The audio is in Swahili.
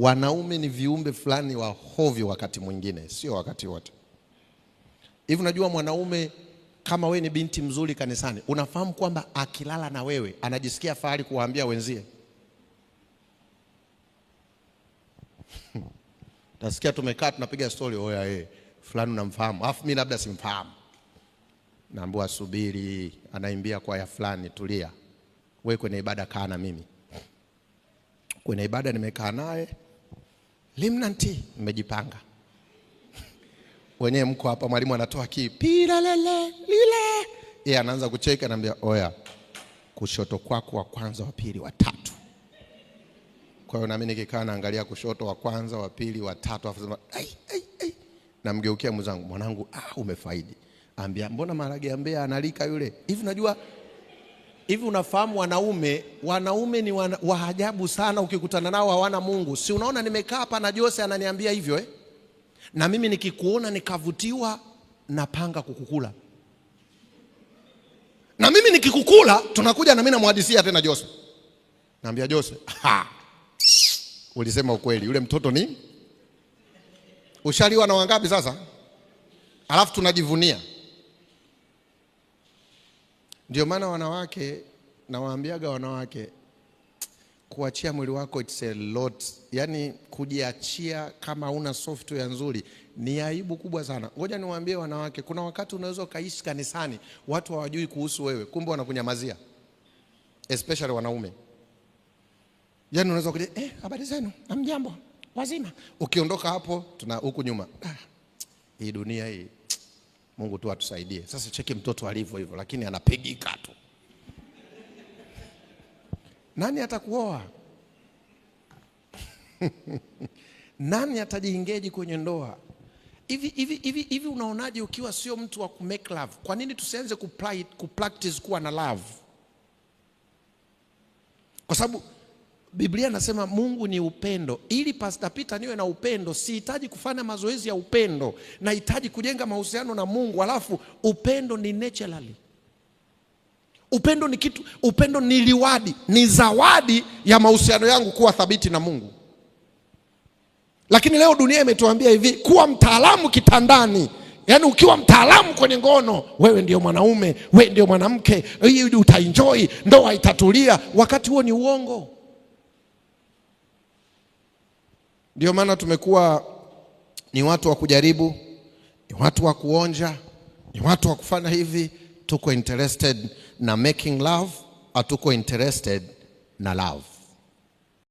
wanaume ni viumbe fulani wa hovyo, wakati mwingine, sio wakati wote. Hivi unajua mwanaume kama we ni binti mzuri kanisani, unafahamu kwamba akilala na wewe anajisikia fahari kuwaambia wenzie? Nasikia tumekaa tunapiga stori, oya oh eh, fulani unamfahamu, alafu mi labda simfahamu, naambiwa subiri, anaimbia kwaya fulani, tulia we kwenye ibada kaa na mimi. Kwenye ibada nimekaa naye Limnanti, mmejipanga wenyewe, mko hapa, mwalimu anatoa kii lele lile, yeye anaanza kucheka, anaambia oya, kushoto kwako wa kwanza, wa pili, wa tatu. Kwa hiyo nami nikikaa naangalia kushoto wa kwanza, wa pili, wa tatu, afu sema ai ai ai, namgeukia mwenzangu, mwanangu, ah, umefaidi. Ambia mbona marage ambea analika yule hivi, najua Hivi unafahamu wanaume, wanaume ni wana, waajabu sana, ukikutana nao hawana Mungu. Si unaona nimekaa hapa na Jose ananiambia hivyo eh? Na mimi nikikuona nikavutiwa, napanga kukukula. Na mimi nikikukula, tunakuja na mimi namhadisia tena Jose, naambia Jose, ha, ulisema ukweli, yule mtoto ni ushaliwa na wangapi sasa, alafu tunajivunia ndio maana wanawake, nawaambiaga wanawake, kuachia mwili wako it's a lot. Yani kujiachia kama una software nzuri ni aibu kubwa sana. Ngoja niwaambie wanawake, kuna wakati unaweza ukaishi kanisani watu hawajui kuhusu wewe, kumbe wanakunyamazia, especially wanaume. Yani unaweza kuja, eh, habari zenu, amjambo, wazima. Ukiondoka hapo tuna huku nyuma, ah, hii dunia hii Mungu tu atusaidie. Sasa cheki mtoto alivyo hivyo, lakini anapigika tu. Nani atakuoa? Nani atajiingeji kwenye ndoa? Hivi hivi hivi hivi, unaonaje ukiwa sio mtu wa ku make love? Kwa nini tusianze ku practice kuwa na love? Kwa sababu Biblia nasema Mungu ni upendo. Ili Pastor Peter niwe na upendo, sihitaji kufanya mazoezi ya upendo, nahitaji kujenga mahusiano na Mungu. Alafu upendo ni naturally, upendo ni kitu, upendo ni liwadi, ni zawadi ya mahusiano yangu kuwa thabiti na Mungu. Lakini leo dunia imetuambia hivi, kuwa mtaalamu kitandani Yaani ukiwa mtaalamu kwenye ngono, wewe ndio mwanaume, wewe ndio mwanamke, hii utaenjoy, ndoa itatulia. Wakati huo ni uongo. Ndio maana tumekuwa ni watu wa kujaribu, ni watu wa kuonja, ni watu wa kufanya hivi. Tuko interested na making love, hatuko interested na love.